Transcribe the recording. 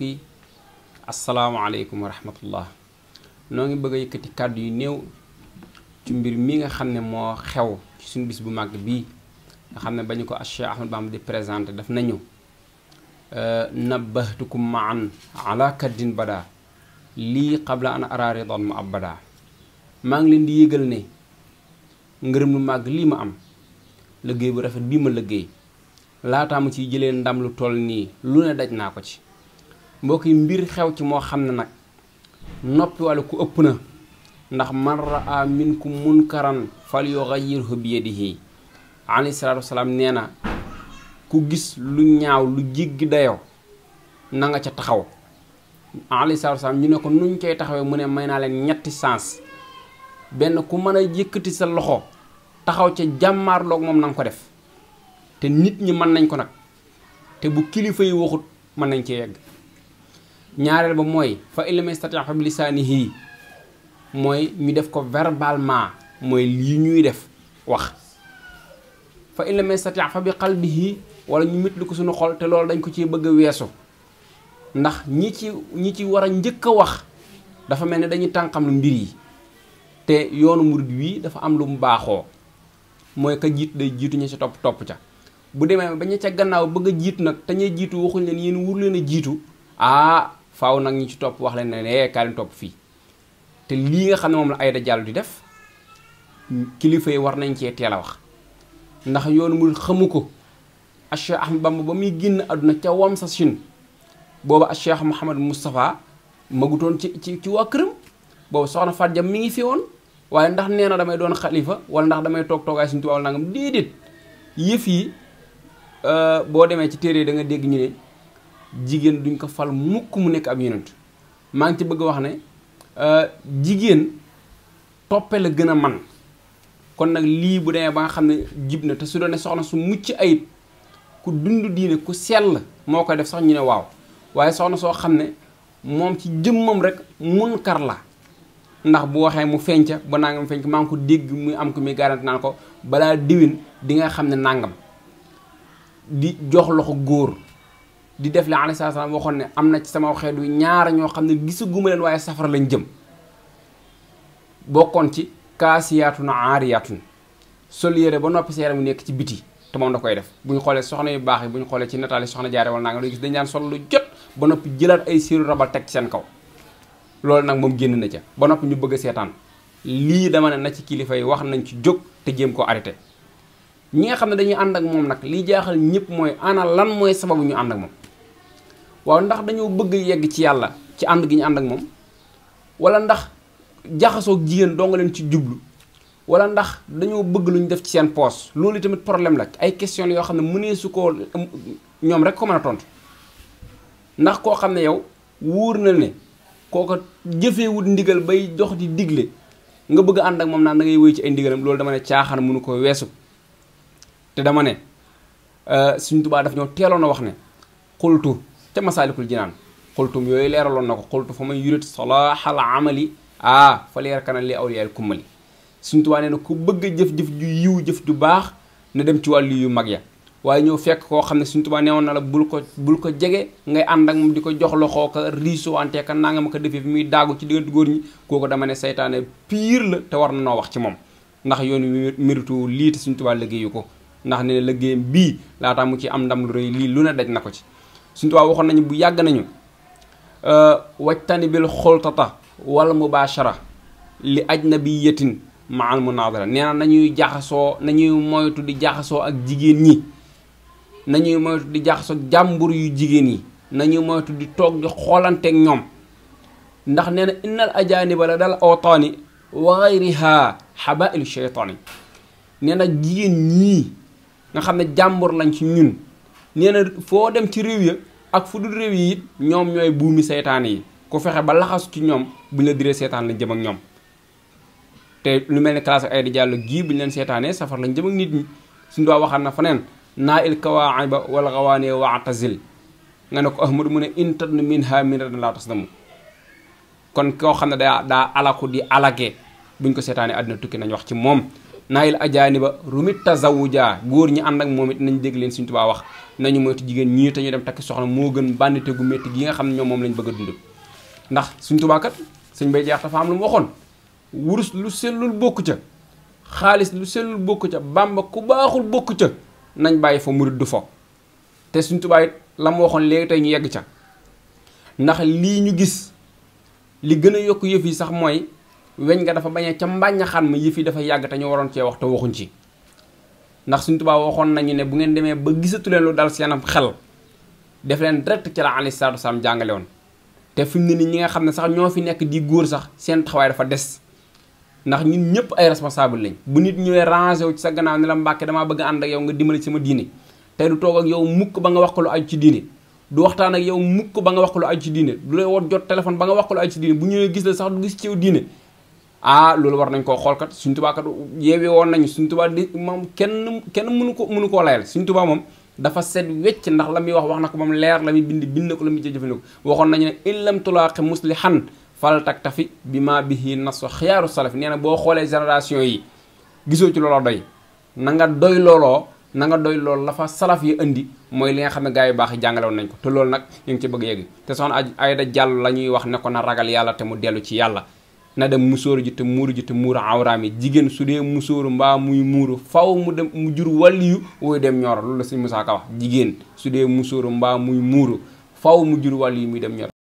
mbokk yi asalaamaaleykum wa noo ngi bëgg a yëkkati kàddu yu néew ci mbir mi nga xam ne moo xew ci suñu bis bu màgg bii nga xam ne ba ñu ko Cheikh Ahmad Bamba présenté daf nañu nabbahtukum maan ala kaddin bada lii qabla an maa ngi leen di yëgal ne ngërëm màgg lii ma am liggéey bu rafet bii ma liggéey laataa mu ci jële ndam lu toll nii lu ne daj naa ko ci mbokk yi mbir xew ci moo xam ne nag noppi wala ku ëpp na ndax man raa minkum munkaran fal yughayyirhu bi yadihi alayhi salaatu wasalaam nee na ku gis lu ñaaw lu jéggi dayoo na nga ca taxaw alayhi salaatu wasalaam ñu ne ko nuñ cay taxawee mu ne may naa leen ñetti sens benn ku mën a yëkkati sa loxo taxaw ca jàmmaarloog moom nanga ko def te nit ñi mën nañ ko nag te bu kilifa yi waxut mën nañ cee yegg ñaareel ba mooy fa illam yastati' fa bi lisaanihi mooy ñu def ko verbalement mooy li ñuy def wax fa illam yastati' fa bi qalbihi wala ñu mitlu ko suñu xol te loolu dañ ko ci bëgg a weesu ndax ñi ci ñi ci war a njëkk a wax dafa mel ne dañuy tànqam lu mbir yi te yoonu murid wii dafa am lu mu baaxoo mooy ka jiit day jiitu ñu ci topp topp ca bu demee ba ña ca gannaaw bëgg a jiitu nag te ña jiitu waxuñ leen yéen wur leen a jiitu ah faaw nak ñi ci top wax leen ne nee eh, kaa leen topp fii te li nga xamne mom moom la Aida jallu di def kilifa yi war nañ ci téla wax ndax yoon mu xamuko a Cheikh Ahmed Bamba ba mi génn aduna ca wam sa sin boba a Cheikh mohammed mustafa magutoon ci ci ci wa kërëm boba soxna fadja mi ngi fi won waye ndax neena damay doon khalifa wala ndax damay tok toogaay suñu tubaab nangam dedit yef yi euh, bo démé ci téré da nga dégg ñu jigéen duñ ko fal mukk mu nekk ab yonent maa ngi ci bëgg wax ne euh, jigéen toppe la gën a man kon nag lii bu demee ba nga xam ne jib na te su doon ne soxna su mucc ayib ku dund diine ku sell moo koy def sax ñu ne waaw waaye soxna soo xam ne moom ci jëmmam rek munkar la ndax bu waxee mu fenca ba nangam fenc maa ngi ko dégg muy am ko muy garanti naan ko balaa diwin di nga xam ne nàngam di jox loxo góor di def la alayhi salaam waxoon ne am na ci sama xeetu ñaar ñoo xam ne gisaguma leen waaye safara lañ jëm bokkoon ci kaasiyaatun aariyaatun sol yére ba noppi sa yaram mu nekk te moom da koy def bu ñu xoolee soxna yu baax bu ñu xoolee ci nataali soxna jaare wala naa nga doy gis sol lu jot ba noppi jëlaat ay siiru rabal teg ci seen kaw loolu nag moom génn na ca ba noppi ñu bëgg a seetaan lii dama ne na ci kilifa yi wax nañ ci jóg te jéem ko arrêté ñi nga xam ne dañuy ànd ak moom nag lii jaaxal ñëpp mooy ana lan mooy sababu ñu ànd ak moom waaw ndax dañoo bëgg yegg ci yàlla ci ànd gi ñu ànd ak moom wala ndax jaxasoog jigéen doo nga leen ci jublu wala ndax dañoo bëgg lu def ci seen poos loolu tamit problème la ay question la yoo xam ne mënee su ko ñoom rek ko mën a tontu ndax koo xam ne yow wóor na ne kooko jëfeewut ndigal bay dox di digle nga bëgg ànd ak moom naan da ngay ci ay ndigalam loolu dama ne caaxaan mënu ko weesu te dama ne euh, suñ tubaa daf ñoo teeloon a wax ne xultu ca masaalikul jinaan xultum yooyu leeraloon na ko xultu fa man yurit salaaxal amali ah fa leer kanal li awliyaal kummali suñ tubaa nee na ku bëgg jëf-jëf ju yiw jëf ju baax na dem ci wàllu yu mag ya waaye ñëw fekk koo xam ne suñ tubaa neewoon na la bul ko bul ko jege ngay ànd ak moom di ko jox loxoo ka riisoo ante ka nangam ko defee fi muy daagu ci diggante góor ñi kooku dama ne seytaane piir la te war na noo wax ci moom ndax yoon wi méritu lii te suñ tubaa liggéeyu ko ndax ne liggéeyam bii laataa mu ci am ndam lu rëy lii lu ne daj na ko ci suñu tubaab waxoon nañu bu yàgg nañu euh, wajtani bil xoltata wal mubaashara li aj ajnabiyatin maal munaadara nee na nañuy jaxasoo nañuy moytu di jaxasoo ak jigéen ñi nañuy moytu di jaxasoo ak jàmbur yu jigéen ñi nañuy moytu di toog di xoolanteeg ñoom ndax nee na innal ajaaniba la dal ootaani wa gayriha xabailu cheytaani nee na jigéen ñii nga xam ne jàmbur lañ ci ñun nee na foo dem ci réew ya ak fu dul réew yi it ñoom ñooy buumi seytaane yi ku fexe ba laxasu ci ñoom buñ la diree seytaan lañ jëm ak ñoom te lu mel ne classe ak Aïda Diallo gii buñ leen seytaanee safar lañ jëm ak nit ñi suñu doo waxaat na faneen naa il kawaaiba wala xawaanee waatazil nga ne ko ahmadu mu ne intat na min ha min radan laa tas damu kon koo xam ne daa daa alaku di alage buñ ko seetaanee àddina tukki nañ wax ci moom naayil ajaani ba rumit tazawuja góor ñi ànd ak moom it nañ dégg leen suñ wax nañu moytu jigéen ñii te ñu dem takki soxna moo gën bànnite gu métti gi nga xam ne ñoom moom lañ bëgg a dund ndax suñ tubaa kat sañ bay jeex dafa am lu mu waxoon wurus lu sellul bokk ca xaalis lu sellul bokk ca bàmba ku baaxul bokk ca nañ bàyyi fa murid du fo te suñ tubaa it la mu waxoon léegi tey ñu yegg ca ndax lii ñu gis li gën a yokk yëf yi sax mooy weñ nga dafa bañee ca mbàññaxaan ma yëf yi dafa yàgg te ñu waroon cee wax te waxuñ ci ndax suñ tubaab waxoon nañu ne bu ngeen demee ba gisatu leen lu dal seenam xel def leen direct ci la alayhi salaatu wasalaam jàngale woon te fi mu ne ni ñi nga xam ne sax ñoo fi nekk di góor sax seen taxawaay dafa des ndax ñun ñëpp ay responsable lañ bu nit ñëwee rangé wu ci sa gannaaw ne la mbàkke dama bëgg ànd ak yow nga dimbali sama diine tey du toog ak yow mukk ba nga wax ko lu aju ci diine du waxtaan ak yow mukk ba nga wax ko lu aju ci diine du lay woo jot téléphone ba nga wax ko lu aju ci diine bu ñëwee gis la sax du gis ci yow diine ah loolu war nañ koo xoolkat suñ tubaa kat yeewi woon nañu suñ tubaa di moom kenn kenn mënu ko mënu koo layal suñ tubaa moom dafa set wecc ndax la muy wax wax na ko moom leer la muy bind bind ko la muy jëjëfandi ko waxoon nañu ne illam tulaaqi muslihan fal taktafi bi ma bihi nasu xiyaaru salaf nee na boo xoolee génération yi gisoo ci looloo doy na nga doy looloo na nga doy loolu la fa salaf yi indi mooy li nga xam ne gars yu baax yi jàngale woon nañ ko te loolu nag ñu ngi ci bëgg yegg te soxna Ayda Jàll la ñuy wax ne ko na ragal yàlla te mu dellu ci yàlla na dem musóoru ji te muuru ji te muuru awraam yi jigéen su dee musóoru mbaa muy muuru faw mu dem mu jur walliyu woy dem ñor loolu la si Musaa Ka jigéen su dee musóoru mbaa muy muuru faw mu jur waliyu muy dem ñor